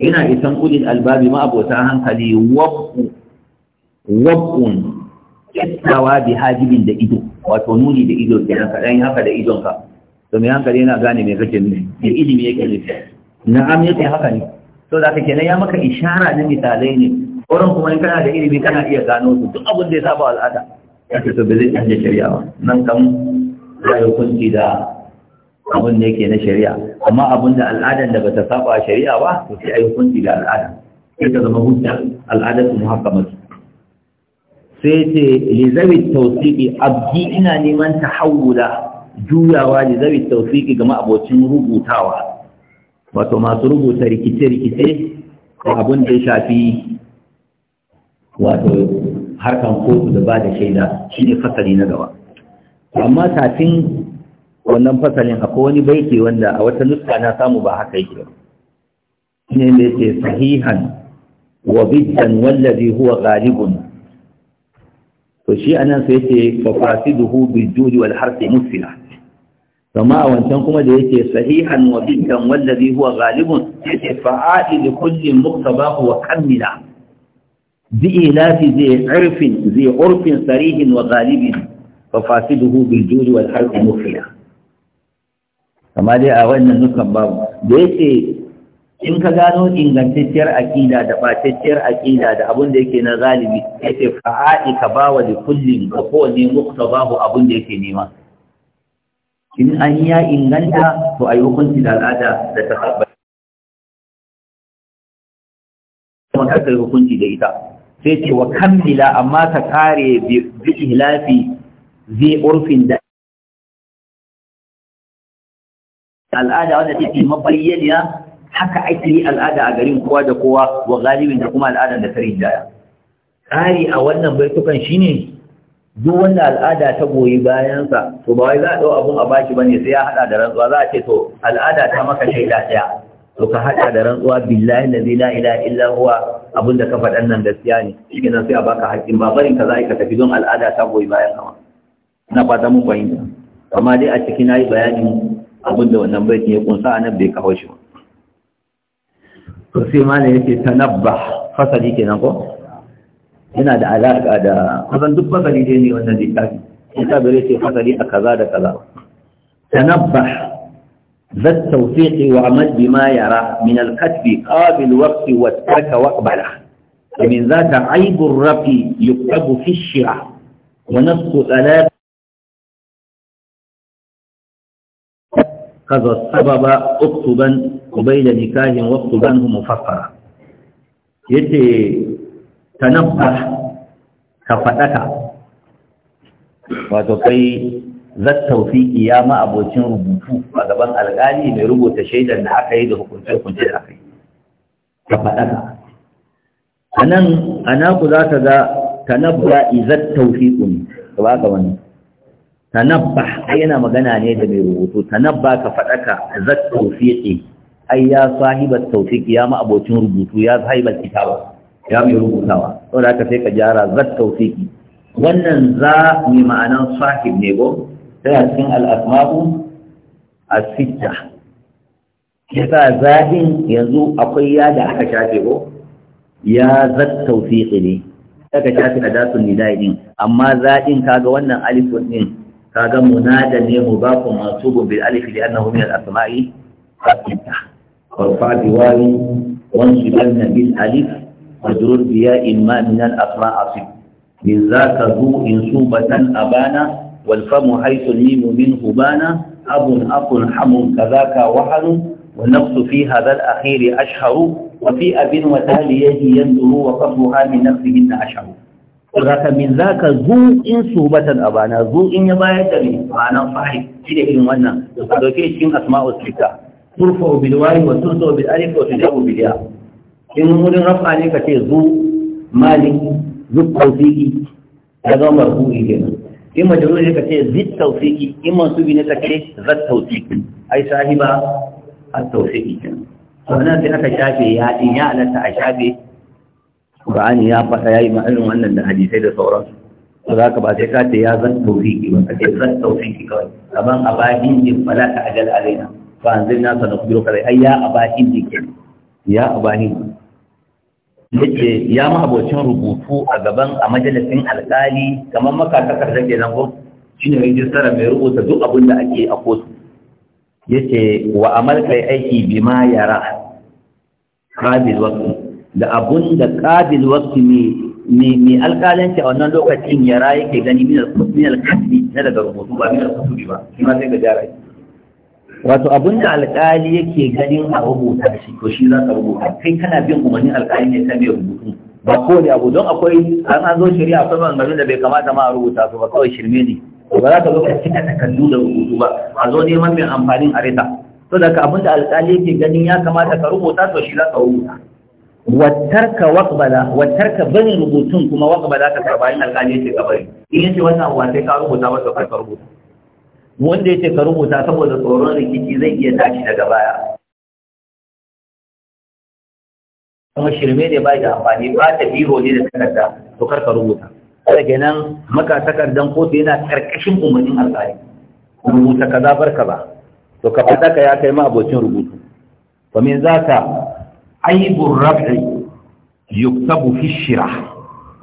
yana isan ulil albabi ma abota hankali wabqun kyattawa bi hajibin da ido wato nuni da ido kenan ka dan haka da idon ka to mai hankali yana gane me kake nufi me ilimi yake nufi na na'am yake haka ne to da ka kenan ya maka ishara na misalai ne wurin kuma in kana da ilimi kana iya gano su duk abin da ya saba al'ada ya ce to ba zai canja shari'a ba nan kam ya hukunci da abin da yake na shari'a amma abin da al'adan da bata saba shari'a ba to sai ai hukunci da al'ada sai ta zama hujja al'adatu muhakkamatu sai ce lizawi tausiki abdi ina neman ta haula juyawa lizawi tausiki ga ma'abocin rubutawa wato masu rubuta rikice rikice ko abin da ya shafi wato harkan kotu da ba da shaida shine fasali na gaba amma kafin wannan fasalin akwai wani baiki wanda a wata nuska na samu ba haka yake ne da ce sahihan wa biddan wallazi huwa ghalibun to shi anan sai yake fa fasiduhu bil judi wal harfi musila kama a wancan kuma da yake sahihan wa bidan wallazi huwa ghalibun Yake fa'ali li kulli muqtabahu wa kammila bi ilati zai irfin zai urfin sarihin wa ghalibin fa fasiduhu bil judi wal harfi musila kama dai a wannan nukan babu da yake in ka gano ingantacciyar aƙida da ɓatacciyar aƙida da abin da yake na zalibi ya ce fa'a'i ka ba wa kullum ga kowane mukta babu abin da yake nema in an ya inganta to a yi hukunci da al'ada da ta saba kuma ka hukunci da ita sai ce wa kammila amma ka kare bi ihlafi zai urfin da al'ada wanda take mabayyaniya haka ake yi al'ada a garin kowa da kowa wa galibin da kuma al'adar da ta daya. tsari a wannan baitukan shine duk wanda al'ada ta goyi bayansa to ba wai za a ɗau abun a baki ne sai ya haɗa da rantsuwa za a ce to al'ada ta maka shaida ɗaya to ka haɗa da rantsuwa billahi na zina ila illa huwa abin da ka faɗan nan gaskiya ne shi ne sai a baka haƙƙin ba barin ka za ka tafi don al'ada ta goyi bayan kama na fata mun fahimta amma dai a ciki na yi bayanin abin da wannan baitin ya kunsa a nan bai kawo shi ba to sai malam yake tanabbah fasali kenan ko yana da alaka da kusan duk fasali dai ne wannan littafi ita bare ce fasali a kaza da kaza tanabbah ذا التوفيق وعمل بما يرى من الكتب قابل وقت والترك واقبله ومن ذاك عيب الرقي يكتب في الشرع ونص ثلاث كذا السبب اكتبا قبيل نكاه واكتب عنه مفكرا yace tanabbah ka faɗaka. wato kai zat tawfiki ya ma abocin rubutu a gaban alƙali mai rubuta shaidar da aka yi da hukunce hukunce da aka yi ka fadaka anan ana ku za ka ga tanabbah izat tawfiqu ne ka ba ga wani tanabbah yana magana ne da mai rubutu tanabbah ka faɗaka zat tawfiqi ai ya sahibat tawfiq ya ma abocin rubutu ya sahibat kitaba ya mai rubutawa da aka sai ka jara zat tawfiqi wannan za mai ma'anan sahib ne go sai a cikin al-asma'u as ya sa zaɓin yanzu akwai ya da aka shafe ba ya zat taufiƙi ne aka shafe a dasun nidai din amma zaɗin kaga wannan alifun din kaga munada ne mu ba ku masu gobe alifi da annahu min al-asma'i asita وارفع بواوي وانصبن بالالف وجر بياء ما من الاسماء اصب من ذاك ذو انسوبة ابانا والفم حيث الميم منه بانا اب اق حم كذاك وحن والنفس في هذا الاخير اشهر وفي اب وتاليه يندر وقصرها من نفسهن اشهر zaka min zaka zu in subatan abana zu in ya bayar da ni ma'anan fahim shi da irin wannan da dauke cikin asma'ul sita turfa bilwari wa turfa bil alif wa tujabu bil ya in wurin rafa ne ka ce zu maliki zu tawfiki ya zama ke kenan in majalu ne ka ce zi tawfiki in bi ne ka ce za tawfiki ai sahiba at tawfiki kenan sannan sai aka shafe ya din ya alata a shafe Qur'ani ya faɗa yi ma'anin wannan da hadisai da sauransu Ba za ka ba sai ka ce ya zan tawfiki ba ka ce zan tawfiki kawai kaman abadin din fala ta ajal alaina nasa na sanukbiru kare. ai ya aba hindi ke ya aba hindi yace ya mahabocin rubutu a gaban a majalisin alkali kamar maka makakakar da ke nan ko shine rijistara mai rubuta duk abin da ake a kotu yace wa amal kai aiki bima yara qabil waqti da abun da qabil waqti ne mai alƙalanci ta wannan lokacin yara yake gani min al na daga rubutu ba min al-kutubi ba shi ma sai ga jarai wato abin da alƙali yake ganin a rubuta shi to shi za ka rubuta kai kana bin umarnin alƙali ne ta mai rubutu ba kowane abu don akwai an an zo shari'a akwai maganganun da bai kamata ma a rubuta su ba kawai shirme ne ba za ka zo ka cika takardu da rubutu ba a zo neman mai amfanin a rita to da ka abin da alƙali yake ganin ya kamata ka rubuta to shi za ka rubuta wattarka wattar wattarka bani rubutun kuma waqbala ka karbayin alƙali yake kabari in yace wannan wa sai ka rubuta ba to ka rubuta wanda ya ce ka rubuta saboda tsoron rikici zai iya tashi daga baya kuma shirme ne ba da amfani ba ta biro ne da takarda to kar ka rubuta kada kenan maka takardan kotu yana karkashin umarnin alƙali rubuta kaza bar ka ba to ka fada ka ya kai ma abokin rubutu me za ka aibur rab'i yuktabu fi shira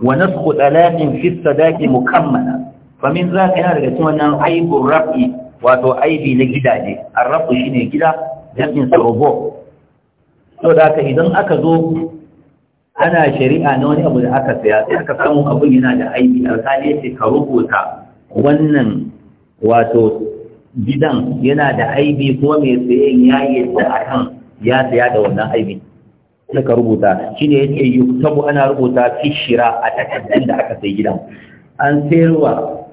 wa nasxu talaqin fi sadaqi mukammala famin za ka yana daga cikin wannan aibun rafi wato aibi na gidaje an rafi shi ne gida jamin sarobo so da aka idan aka zo ana shari'a na wani abu da aka saya sai aka samu abin yana da aibi alkali ce ka rubuta wannan wato gidan yana da aibi kuma mai sayen ya yadda a kan ya saya da wannan aibi suka rubuta shi ne yake yuktabu ana rubuta fishira a takardun da aka sai gidan an sayarwa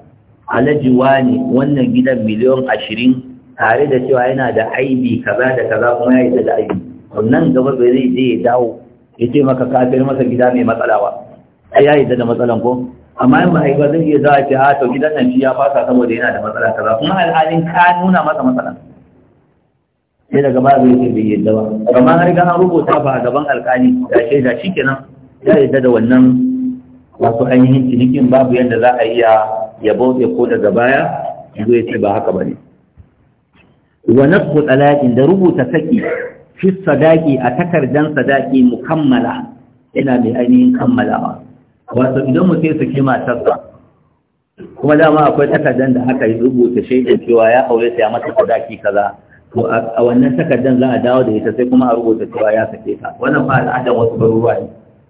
alajiwa wannan gidan miliyon ashirin tare da cewa yana da aibi kaza da kaza kuma ya yi da aibi wannan gaba bai zai je ya dawo ya ce maka kafin masa gida mai matsala ba ai ya yi da matsalan ko amma in ba'a yi ba zai iya zawa a ce a ah, to gidan nan shi ya fasa saboda yana da matsala kaza kuma alhalin ka nuna masa matsala sai daga ba zai ce bai yadda ba amma har ga an rubuta ba a gaban alkali da shaida kenan ya yadda da wannan wasu ainihin cinikin babu yadda za a iya ya bauɗe ko daga baya zo ba haka bane wa nafsu talaqi da rubuta saki fi sadaki a takardan sadaki mukammala yana mai ainihin kammalawa wato idan mu sai saki matarsa kuma dama akwai takardan da aka yi rubuta shaidan cewa ya aure ta ya mata sadaki kaza to a wannan takardan za a dawo da ita sai kuma a rubuta cewa ya sake ta wannan fa al'adar wasu garuruwa ne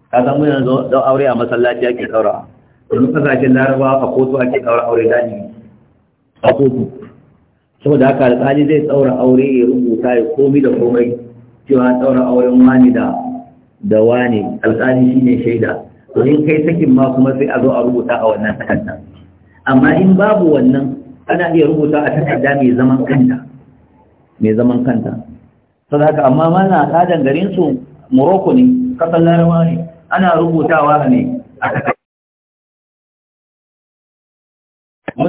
ka san mun yanzu don aure a masallaci ake tsaurawa domin kasashen larabawa a kotu ake ɗaura aure da ne a kotu saboda haka alƙali zai tsaura aure ya rubuta ya komi da komai cewa tsaura auren wani da da wani alƙali shine shaida to in kai sakin ma kuma sai a zo a rubuta a wannan takarda amma in babu wannan ana iya rubuta a takarda mai zaman kanta mai zaman kanta saboda haka amma mana al'adan garin su Morocco ne kasan larabawa ne ana rubutawa ne a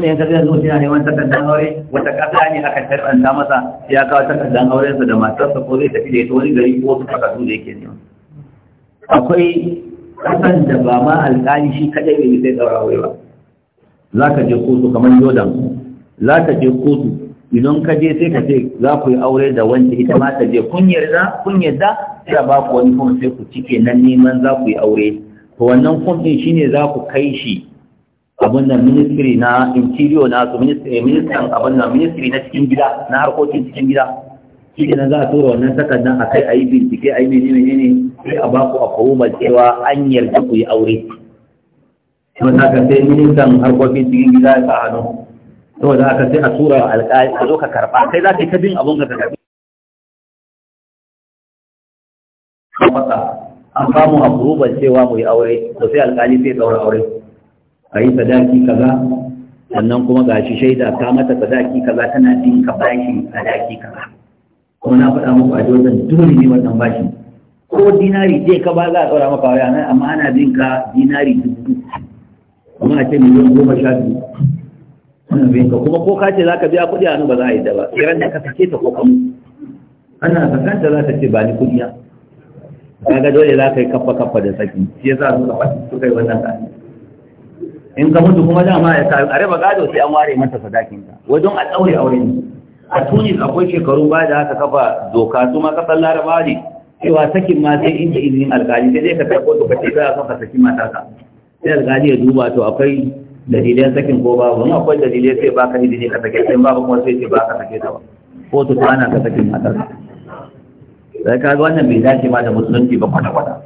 ne ya tafiya zuwa yana neman takardar aure wata ƙasa ne aka tarɓanta masa ya kawo takardar sa da matarsa ko zai tafi da ita wani gari ko wasu takardu da yake nema akwai ƙasan da ba ma alƙali shi kadai bai sai ɗaura aure ba za ka je kotu kamar jordan za ka je kotu idan ka je sai ka ce za ku yi aure da wanda ita ma ta je kun yarda kun yarda sai ba ku wani kuma sai ku cike nan neman za ku yi aure to wannan kun din shine za ku kai shi abin nan ministry na interior na su eh, ministan abin nan ministry na cikin gida na harkokin cikin gida shi ne na za a tura wannan takardar a kai a yi bincike a yi mene mene ne sai a baku a kowumar cewa an yarda ku yi aure kuma ta ka sai ministan harkokin cikin gida ya sa hannu saboda aka sai a tura alƙali a zo ka karɓa kai za ka yi ta bin abin ka karɓi an samu approval cewa mu yi aure to sai alƙali sai ɗaura aure a yi sadaki kaza sannan kuma ga shi shaida ta mata sadaki kaza tana bin ka bashi sadaki kaza kuma na faɗa muku a jordan dole ne wannan bashi ko dinari je ka ba za a ɗora maka waya amma ana bin ka dinari dubu amma a ce miliyan goma sha biyu ana bin ka kuma ko ka ce za ka biya kuɗi a nan ba za a yi da ba kiran da ka sake ta ko kamu ana sakanta za ta ce ba ni kuɗi ya kaga dole za ka yi kafa kafa da saki shi yasa suka fasa suka yi wannan ƙasa in ka mutu kuma dama ya sa a raba gado sai an ware masa sadakin ka wajen a tsauri aure ne a tunis akwai shekaru ba da haka kafa doka su ma kasar larabawa ne cewa sakin ma sai inda izinin alkali sai dai ka ko doka ce za ka fa sakin mata ka sai alkali ya duba to akwai dalilan sakin ko babu in akwai dalilai sai baka izini ka sake sai babu kuma sai ce baka sake ta ba ko to ana ka sakin matarka sai ka ga wannan bai dace ba da musulunci ba kwata-kwata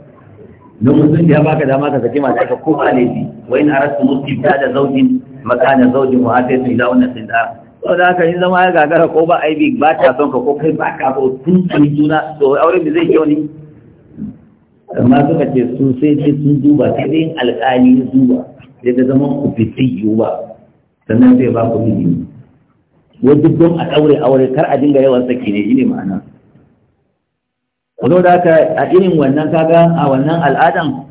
don musulunci ya baka dama ka saki mata ka ko ba laifi wa in musu muslimta da zaujin makana zaujin wa hafi sun ila wannan sun da to da haka in zama ya gagara ko ba aibi ba ta son ka ko kai ba ka ko tun tun juna to auren da zai kyau ne amma suka ce su sai ce sun duba sai dai alƙali ya duba sai ta zama ku fiti ba sannan sai ba ku miji wai duk don a ɗaure aure kar a dinga yawan saki ne shi ne ma'ana ko da ka a irin wannan kaga a wannan al'adan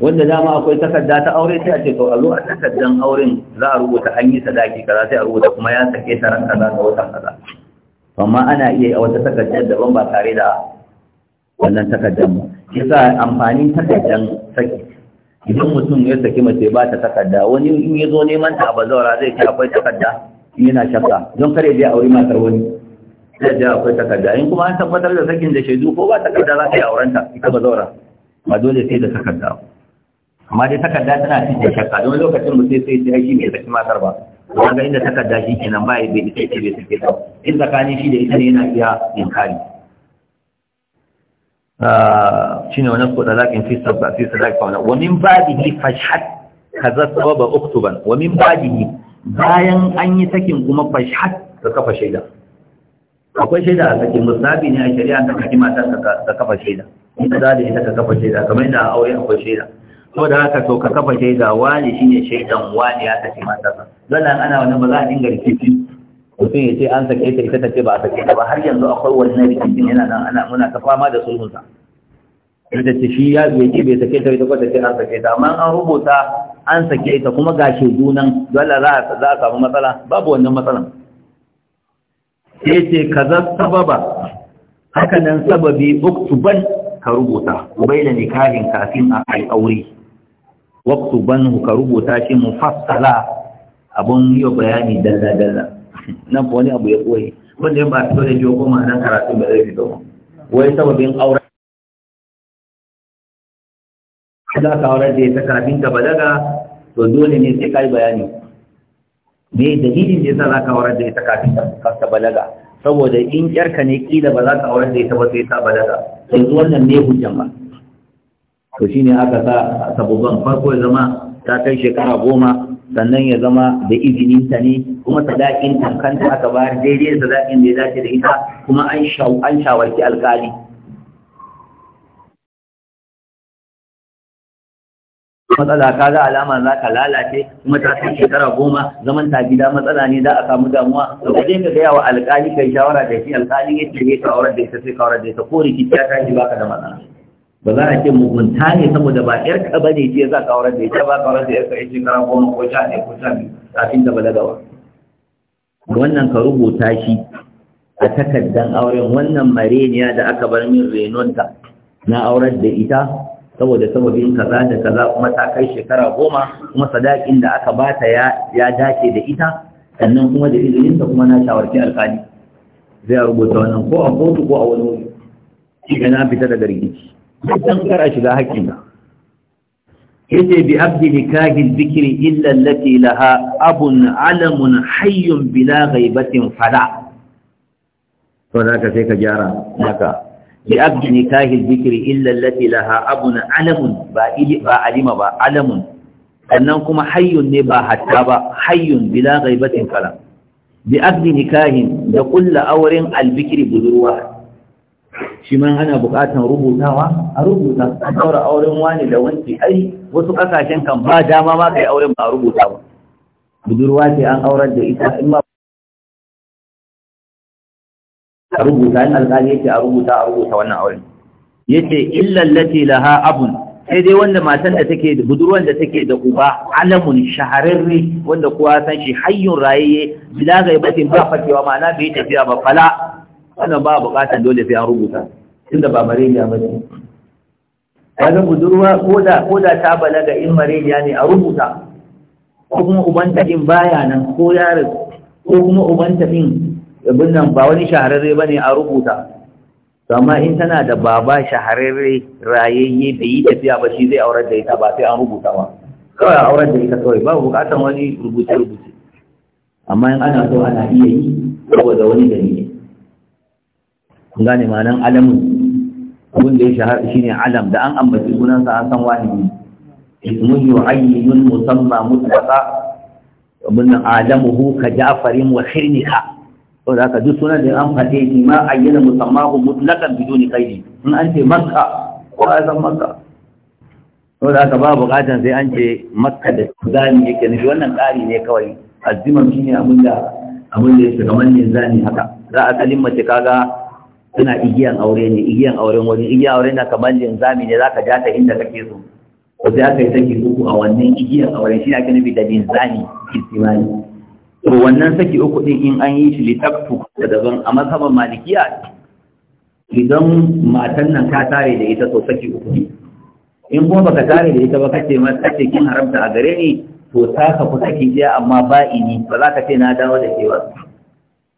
wanda dama akwai takarda ta aure sai a ce to allo a takardan auren za a rubuta an yi sadaki kaza sai a rubuta kuma ya sake ta kaza ga watan kaza amma ana iya a wata takardar daban ba tare da wannan takardar ba yasa amfanin takardar saki idan mutum ya saki mace ba ta takarda wani in ya zo neman ta a bazawara zai ce akwai takarda yana shakka don kare zai aure matar wani zai je akwai takarda in kuma an tabbatar da sakin da shaidu ko ba takarda za ka yi aurenta ita ba zaura ba dole sai da takarda amma dai takarda tana cin da shakka don lokacin mu sai sai sai shi mai saki matar ba ga inda takarda shi kenan ba bai ita ce bai sake ta in tsakanin shi da ita ne yana iya inkari ah, shine wannan ko talakin fi sabba fi sadaq fa wa min ba'dihi fashhat kaza sababa oktoban? wa min ba'dihi bayan an yi sakin kuma fashhat ka kafa shaida akwai shaida a sake musabi ne a shari'a ta kaki mata ta kafa shaida ita za da ita ka kafa shaida kamar yadda a aure akwai shaida ko da haka to ka kafa shaida wani shine shaidan wani ya mata matarsa zallan ana wannan ba za a dinga rikici mutum ya ce an sake ta ita ta ce ba a sake ta ba har yanzu akwai wannan rikicin yana nan ana muna ta fama da sulhunsa da ce shi ya zuwa ce bai sake ta ita ko ta ce an sake ta amma an rubuta an sake ita kuma ga shaidu dole za a samu matsala babu wannan matsalan sai ce kaza sababa haka nan sababi uktuban ka rubuta ubaina nikahin kafin a kai aure waktuban ka rubuta shi mufassala abun yi bayani dalla dalla nan ko wani abu ya koyi wanda ba ta da jiyo kuma nan karatu ba zai fito wai sababin aure za ka aure da ya ta kafin ka balaga to dole ne sai kai bayani me dalilin da yasa za ka aurar da ita kafin ta balaga saboda in yarka ne kila ba za ka aurar da ita ba sai ta balaga yanzu wannan ne hujjan ba to shine aka sa sabubban farko ya zama ta kai shekara goma sannan ya zama da izinin ta ne kuma sadakin tankanta aka bayar daidai da sadakin da ya dace da ita kuma an shawarci alkali matsala ka ga alama za ka lalace kuma ta fi shekara goma zaman ta gida matsala ne za a samu damuwa Da kuje ka gaya wa alƙali kai shawara da shi alƙali ya ce ka aurar da ita sai ka aurar da ita ko rikici ta tashi baka da matsala ba za a ce mugunta ne saboda ba ƴarka ba ne ce za ka aurar da ita ba ka aurar da ƴarka ya shekara goma ko sha ɗaya ko sha biyu kafin ta balagawa wannan ka rubuta shi a takardan auren wannan mareniya da aka bar min renonta na aurar da ita saboda sababin kaza da kaza kuma ta kai shekara goma kuma sadakin da aka bata ya ya dace da ita sannan kuma da izinin ta kuma na shawarci alkali zai rubuta wannan ko a kotu ko a wani wuri shi na fita daga rikici dan kar a shiga hakkinka yace bi abdi nikahil dhikri illa allati laha abun alamun hayyun bila ghaibatin fada to ka sai ka gyara haka bi abdi nikahi dhikri illa allati laha abun alamun ba ba alima ba alamun sannan kuma hayyun ne ba hatta ba hayyun bila ghaibatin kala. bi abdi kahin da kulla auren albikiri budurwa shi man ana bukatan rubutawa a rubuta a daura auren wani da wanci ai wasu kasashen kan ba dama ma kai auren ba a rubuta ba budurwa ce an aurar da ita in ma a rubuta in alƙali yace a rubuta a rubuta wannan aure yace illa allati laha abun sai dai wanda matan da take da budurwan da take da uba alamun shahararre wanda kowa san shi hayyun rayaye bila gaibatin ba fakewa ma'ana bai tafiya ba fala wannan ba buƙatar dole sai an rubuta tunda ba mareniya ba ce kaga budurwa koda koda ta balaga in mareniya ne a rubuta ko kuma ubanta in baya nan ko yaro ko kuma ubanta din abin nan ba wani shahararre ba ne a rubuta amma in tana da baba shahararre rayayye bai yi tafiya ba shi zai aurar da ita ba sai an rubuta ba kawai a aurar da ita kawai ba bukatan wani rubuce-rubuce amma in ana so ana iya yi saboda wani ne. kun gane ma'anan alamun abin da ya shahara ne alam da an ambaci sunansa an san wani ne ismun yu'ayyun musamma mutlaqa abin nan alamuhu ka ja'farin wa khirnika wanda aka ka duk sunan da an fade shi ma ayyana musammahu mutlaqan biduni qaidi in an ce makka ko azan makka wanda aka ka ba bukatan sai an ce makka da zani yake ne wannan tsari ne kawai azziman shine abin da abin da yake kamar ne zani haka za a kalin mace kaga tana igiyan aure ne igiyan auren wani igiyan aure na kamar Zami ne zaka ja ta inda kake so ko sai aka yi saki uku a wannan igiyan auren shi ake nufi da zani istimani to wannan saki uku din in an yi shi litaktu da daban a mazhaban malikiya idan matan nan ka tare da ita to saki uku ne in kuma baka tare da ita ba kace ma kace kin haramta a gare ni to ta ka ku saki ɗaya amma ba ini ba za ka ce na dawo da ke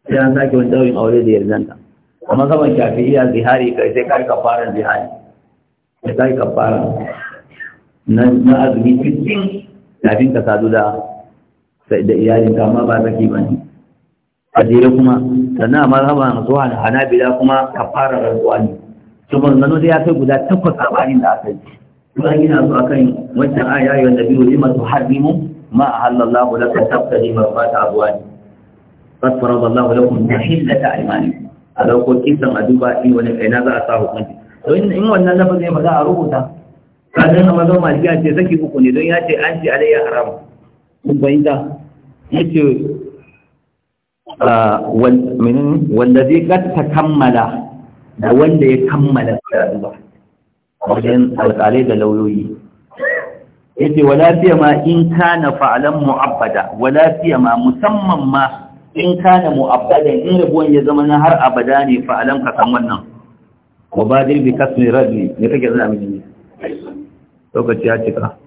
sai an sake wani dawin aure da yarjanta a mazhaban shafi'iya zihari kai sai kai fara zihari sai ka fara na azumi cikin kafin ka sadu da da iyalinka ka amma ba saki ba ne ajiyar kuma sannan a mazhaban rantsuwa da hanabila kuma kafara rantsuwa ne to manzano da ya kai guda takwas a bayin da aka yi kuma yana so akan wancan aya yayin da biyu lima tuharrimu ma a da ahallallahu laka tabtadi marfata azwani qad faradallahu lakum tahillata aymanikum a dauko kisan a duba in wani kaina za a sa hukunci to in wannan lafazin ba za a rubuta kadan amma zo maliya ce saki uku ne don ya ce an ce alayya haramu kun fahimta yace ah, wallazi qad kammala da wanda ya kammala tsararruwa wajen alƙalai da lauyoyi yace wala fiya ma in kana fa'alan mu'abbada wala fiya ma musamman ma in kana mu'abbadan in rabuwan ya zama na har abada ne fa'alan ka kan wannan ba badir bi kasmi radli ne kake zama mini lokaci ya cika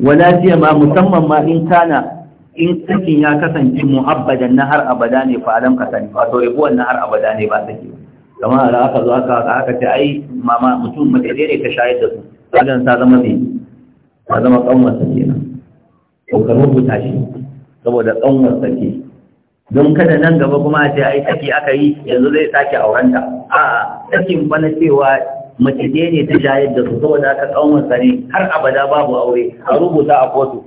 wala ma musamman ma in kana in sakin ya kasance muhabbadan na har abada ne fa alam kasani sani wato rabuwan na har abada ne ba sake kamar da aka zo aka aka ce ai mama mutum mace ne ka shayar da su wannan ta zama ne ta zama kanwar sake na. to ka rubuta shi saboda kanwar sake don kada nan gaba kuma a ce ai saki aka yi yanzu zai sake aurenta a'a sakin bana cewa mace dai-dai ne ta shayar da su saboda tsawon wasa ne har abada babu aure a rubuta a kotu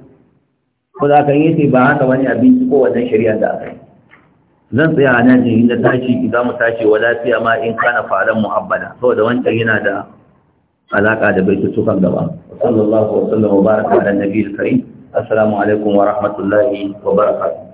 ko za ka yi ba haka wani abinci ko wannan shari'a da aka yi zan tsaya a nan inda tashi za mu tashi wa lafiya ma in kana faran muhabbada saboda wancan yana da alaka da baitutukan gaba sallallahu alaihi wa sallam wa baraka ala nabiyil karim assalamu alaikum wa rahmatullahi wa barakatuh